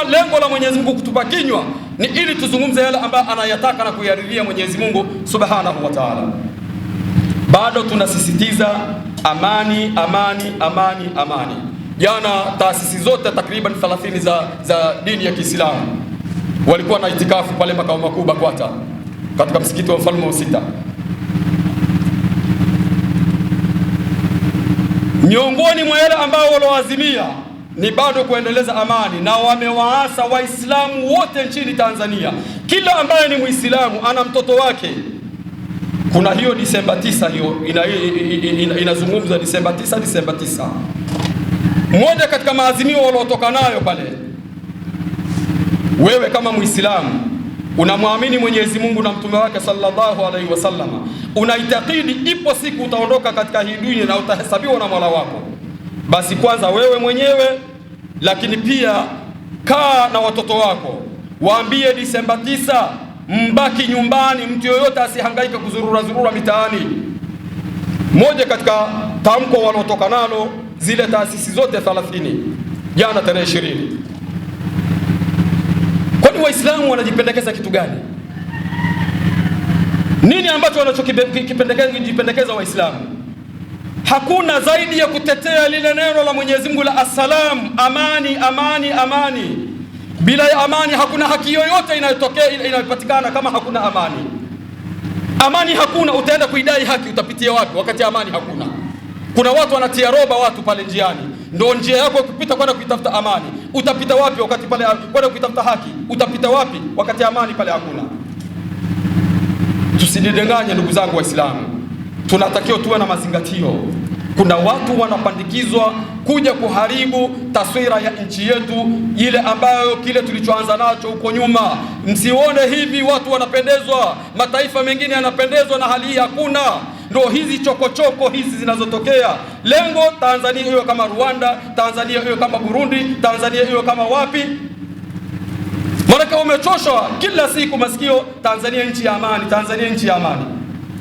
kuwa lengo la Mwenyezi Mungu kutupa kinywa ni ili tuzungumze yale ambayo anayataka na kuyaridhia Mwenyezi Mungu Subhanahu wa Ta'ala. Bado tunasisitiza amani, amani, amani, amani. Jana taasisi zote takriban 30 za, za dini ya Kiislamu walikuwa na itikafu pale makao makuu BAKWATA katika msikiti wa mfalme wa sita. Miongoni mwa yale ambao walioazimia ni bado kuendeleza amani, na wamewaasa Waislamu wote nchini Tanzania, kila ambaye ni Mwislamu ana mtoto wake. Kuna hiyo Disemba 9 hiyo inazungumza ina, ina Disemba 9 Disemba 9, mmoja katika maazimio waliotoka nayo pale, wewe kama Mwislamu unamwamini Mwenyezi Mungu na mtume wake sallallahu alaihi wasallam, unaitakidi ipo siku utaondoka katika hii dunia na utahesabiwa na Mola wako, basi kwanza wewe mwenyewe lakini pia kaa na watoto wako, waambie Disemba tisa mbaki nyumbani, mtu yoyote asihangaike kuzurura zurura mitaani. Moja katika tamko wanaotoka nalo zile taasisi zote 30 jana tarehe ishirini Kwani Waislamu wanajipendekeza kitu gani? Nini ambacho wanachokipendekeza Waislamu? Hakuna zaidi ya kutetea lile neno la Mwenyezi Mungu la asalam amani, amani, amani. Bila ya amani hakuna haki yoyote inayotokea inayopatikana. Kama hakuna amani, amani hakuna, utaenda kuidai haki, utapitia wapi wakati amani hakuna? Kuna watu wanatia roba watu pale njiani, ndio njia yako kupita kwenda kuitafuta amani. Utapita wapi wakati pale kwenda kuitafuta haki? Utapita wapi wakati amani pale hakuna? Tusijidanganye ndugu zangu Waislamu, tunatakiwa tuwe na mazingatio kuna watu wanapandikizwa kuja kuharibu taswira ya nchi yetu ile ambayo kile tulichoanza nacho huko nyuma. Msione hivi watu wanapendezwa, mataifa mengine yanapendezwa na hali hii, hakuna. Ndo hizi chokochoko choko hizi zinazotokea, lengo Tanzania hiyo kama Rwanda, Tanzania hiyo kama Burundi, Tanzania hiyo kama wapi Manake umechoshwa kila siku masikio, Tanzania nchi ya amani, Tanzania nchi ya amani,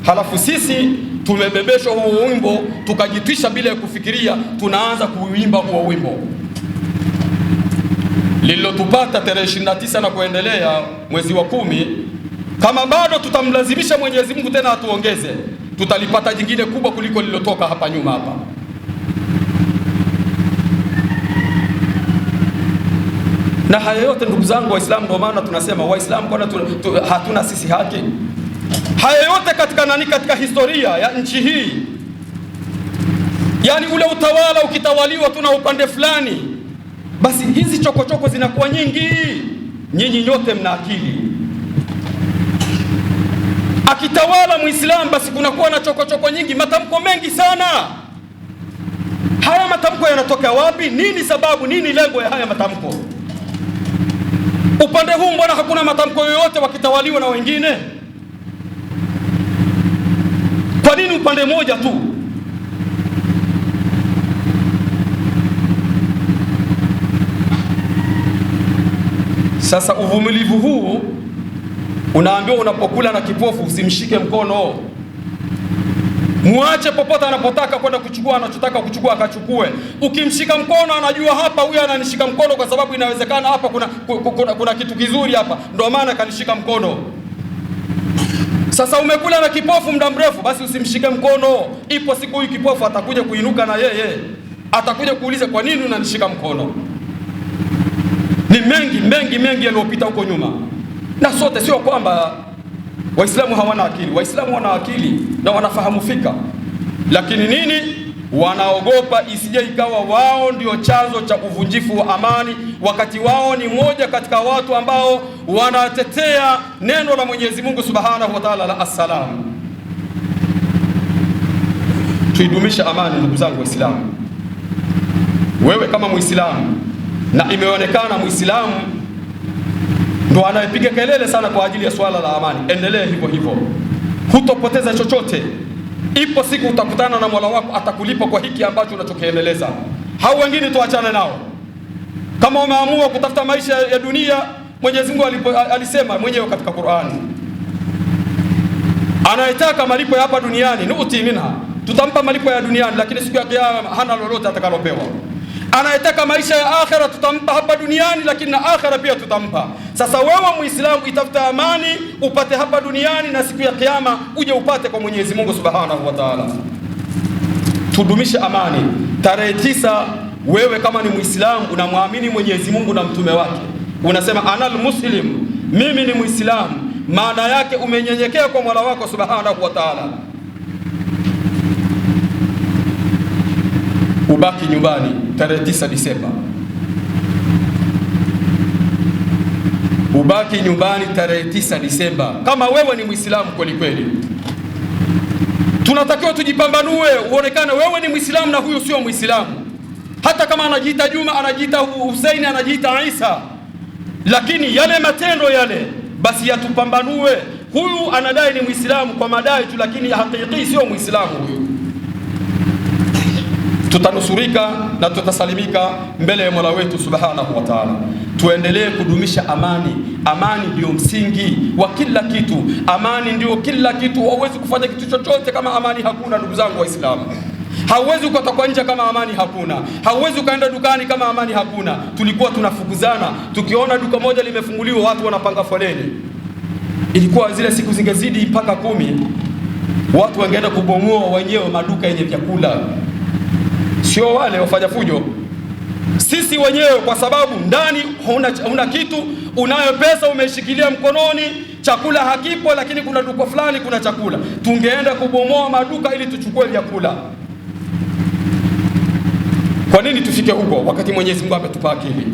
halafu sisi tumebebeshwa huo wimbo, tukajitwisha bila ya kufikiria, tunaanza kuimba huo wimbo. Lililotupata tarehe 29 na kuendelea mwezi wa kumi, kama bado tutamlazimisha Mwenyezi Mungu tena atuongeze, tutalipata jingine kubwa kuliko lililotoka hapa nyuma hapa. Na haya yote ndugu zangu Waislamu, ndio maana tunasema Waislamu, kwani hatuna sisi haki? Haya yote katika nani, katika historia ya nchi hii, yaani ule utawala ukitawaliwa tu na upande fulani, basi hizi chokochoko zinakuwa nyingi. Nyinyi nyote mna akili. Akitawala Muislamu, basi kunakuwa na chokochoko choko nyingi, matamko mengi sana. Haya matamko yanatokea wapi? Nini sababu? Nini lengo ya haya matamko? Upande huu mbona hakuna matamko yoyote wakitawaliwa na wengine? ni pande moja tu. Sasa uvumilivu huu unaambiwa, unapokula na kipofu usimshike mkono, muache popote anapotaka kwenda kuchukua anachotaka kuchukua akachukue. Ukimshika mkono, anajua hapa, huyu ananishika mkono kwa sababu inawezekana hapa kuna, kuna, kuna, kuna kitu kizuri hapa, ndio maana kanishika mkono. Sasa umekula na kipofu muda mrefu, basi usimshike mkono. Ipo siku huyu kipofu atakuja kuinuka na yeye atakuja kuuliza, kwa nini unanishika mkono? Ni mengi mengi mengi yaliyopita huko nyuma, na sote, sio kwamba Waislamu hawana akili. Waislamu wana akili na wanafahamu fika, lakini nini wanaogopa isije ikawa wao ndio chanzo cha uvunjifu wa amani, wakati wao ni moja katika watu ambao wanatetea neno la Mwenyezi Mungu Subhanahu wa Ta'ala la assalamu Tuidumisha amani, ndugu zangu Waislamu. Wewe kama Muislamu, na imeonekana Muislamu ndo anayepiga kelele sana kwa ajili ya swala la amani, endelee hivyo hivyo, hutopoteza chochote. Ipo siku utakutana na Mola wako atakulipa kwa hiki ambacho unachokiendeleza. Hao wengine tuachane nao. Kama umeamua kutafuta maisha ya dunia, Mwenyezi Mungu alisema mwenyewe katika Qur'ani, anayetaka malipo ya hapa duniani nuti minha, tutampa malipo ya duniani, lakini siku ya Kiyama hana lolote atakalopewa anayetaka maisha ya akhera tutampa hapa duniani, lakini na akhera pia tutampa. Sasa wewe Muislamu, itafuta amani upate hapa duniani na siku ya Kiyama uje upate kwa Mwenyezi Mungu Subhanahu wa Ta'ala. Tudumishe amani. Tarehe tisa, wewe kama ni Muislamu unamwamini Mwenyezi Mungu na mtume wake, unasema anal muslim, mimi ni Muislamu, maana yake umenyenyekea kwa Mola wako Subhanahu wa Ta'ala. ubaki nyumbani tarehe tisa Disemba, ubaki nyumbani tarehe tisa Disemba. Kama wewe ni Mwislamu kweli kweli, tunatakiwa tujipambanue, uonekane wewe ni Mwislamu na huyu sio Mwislamu, hata kama anajiita Juma, anajiita Huseini, anajiita Isa, lakini yale matendo yale basi yatupambanue. Huyu anadai ni Mwislamu kwa madai tu, lakini hakiki sio Mwislamu huyu tutanusurika na tutasalimika mbele ya Mola wetu subhanahu wa taala. Tuendelee kudumisha amani. Amani ndiyo msingi wa kila kitu, amani ndio kila kitu. Hauwezi kufanya kitu chochote kama amani hakuna, ndugu zangu Waislamu. Hauwezi ukatoka nje kama amani hakuna, hauwezi ukaenda dukani kama amani hakuna. Tulikuwa tunafukuzana, tukiona duka moja limefunguliwa watu wanapanga foleni. Ilikuwa zile siku zingezidi mpaka kumi, watu wangeenda kubomoa wenyewe maduka yenye vyakula sio wale wafanya fujo, sisi wenyewe, kwa sababu ndani huna, huna kitu. Unayo pesa umeshikilia mkononi, chakula hakipo, lakini kuna duka fulani kuna chakula. Tungeenda kubomoa maduka ili tuchukue vyakula. Kwa nini tufike huko wakati Mwenyezi Mungu ametupa akili?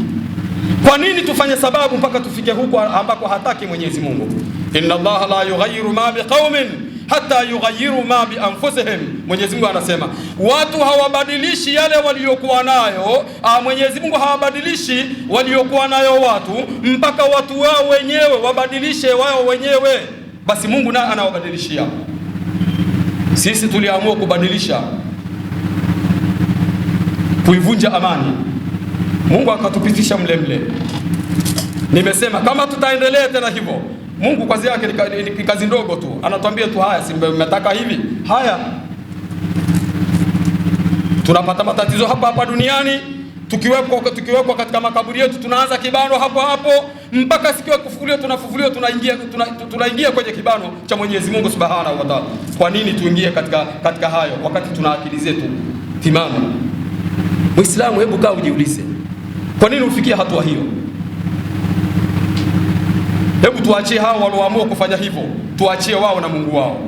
Kwa nini tufanye sababu mpaka tufike huko ambako hataki Mwenyezi Mungu? inna Allaha la yughayyiru ma biqaumin hata yughayiru ma bi anfusihim. Mwenyezi Mungu anasema watu hawabadilishi yale waliokuwa nayo. Ah, Mwenyezi Mungu hawabadilishi waliokuwa nayo watu mpaka watu wao wenyewe wabadilishe wao wenyewe, basi Mungu naye anawabadilishia. Sisi tuliamua kubadilisha, kuivunja amani, Mungu akatupitisha mlemle. Nimesema kama tutaendelea tena hivyo Mungu kazi yake ni kazi ndogo tu, anatuambia tu haya, Simba mmetaka hivi, haya. Tunapata matatizo hapa hapa duniani, tukiwekwa tukiwekwa katika makaburi yetu tunaanza kibano hapo hapo mpaka siku ya kufufuliwa, tunafufuliwa tunaingia tunaingia tuna kwenye kibano cha Mwenyezi Mungu Subhanahu wa Ta'ala. Kwa nini tuingie katika katika hayo wakati tuna akili zetu timamu? Muislamu, hebu kaa ujiulize, kwa nini ufikia hatua hiyo? Hebu tuachie hao walioamua kufanya hivyo, tuachie wao na Mungu wao.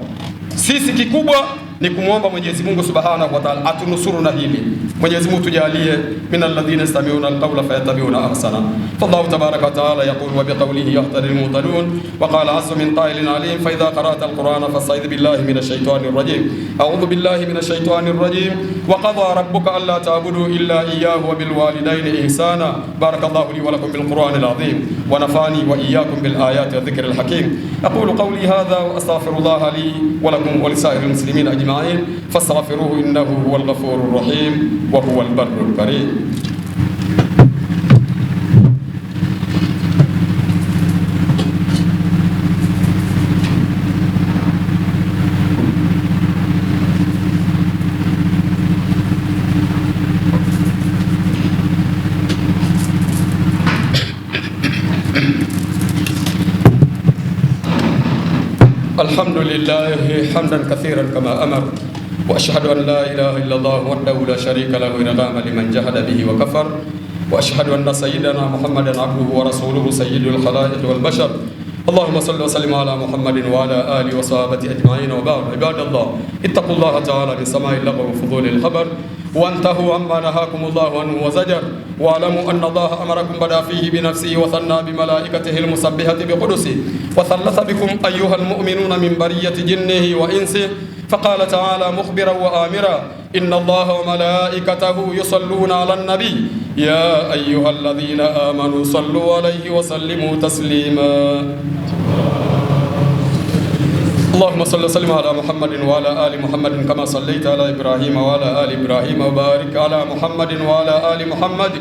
Sisi kikubwa ni kumwomba Mwenyezi Mungu Subhanahu wa Ta'ala atunusuru na hili. Mwenyezi Mungu tujalie minal ladhina yastami'una alqawla fayattabi'una ahsana. Fallahu tabaraka wa ta'ala yaqulu wa biqawlihi yahtadi almuhtalun wa qala azza min qailin alim fa idha qara'ta alqur'ana fasta'idh billahi minash shaitani rrajim. A'udhu billahi minash shaitani rrajim. wa qadha rabbuka alla ta'budu illa iyyahu wa bil walidayni ihsana. Barakallahu li wa lakum bil qur'anil azim wa nafa'ani wa iyyakum bil ayati wa dhikril hakim. Aqulu qawli hadha wa astaghfirullah li wa lakum wa lisa'iril muslimin ajma'in. أجمعين فاستغفروه إنه هو الغفور الرحيم وهو البر الكريم الحمد لله حمدا كثيرا كما أمر وأشهد أن لا إله إلا الله وحده لا شريك له ونعم لمن جهد به وكفر وأشهد أن سيدنا محمدا عبده ورسوله سيد الخلائق والبشر اللهم صل وسلم على محمد وعلى آله وصحابته أجمعين وبارك عباد الله اتقوا الله تعالى سماع اللغو وفضول الخبر وانتهوا عما نهاكم الله عنه وزجر واعلموا أن الله أمركم بدا فيه بنفسه وثنى بملائكته المسبحة بقدسه وثلث بكم أيها المؤمنون من برية جنه وإنسه فقال تعالى مخبرا وآمرا إن الله وملائكته يصلون على النبي يا أيها الذين آمنوا صلوا عليه وسلموا تسليما اللهم صل وسلم على محمد وعلى ال محمد كما صليت على ابراهيم وعلى ال ابراهيم وبارك على محمد وعلى ال محمد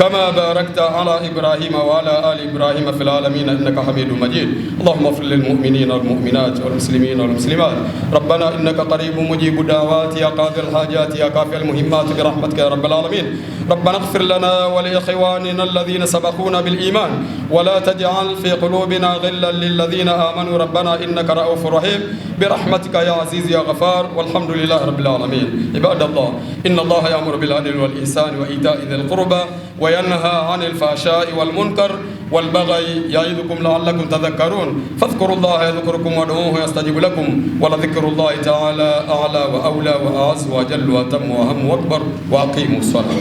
كما باركت على إبراهيم وعلى آل إبراهيم في العالمين إنك حميد مجيد اللهم اغفر للمؤمنين والمؤمنات والمسلمين والمسلمات ربنا إنك قريب مجيب الدعوات يا قاضي الحاجات يا كافي المهمات برحمتك يا رب العالمين ربنا اغفر لنا ولإخواننا الذين سبقونا بالإيمان ولا تجعل في قلوبنا غلا للذين آمنوا ربنا إنك رؤوف رحيم برحمتك يا عزيز يا غفار والحمد لله رب العالمين عباد الله إن الله يأمر بالعدل والإحسان وإيتاء ذي القربى وينهى عن الفحشاء والمنكر والبغي يعظكم لعلكم تذكرون فاذكروا الله يذكركم وادعوه يستجب لكم ولذكر الله تعالى أعلى وأولى وأعز وأجل وأتم وأهم وأكبر وأقيموا الصلاة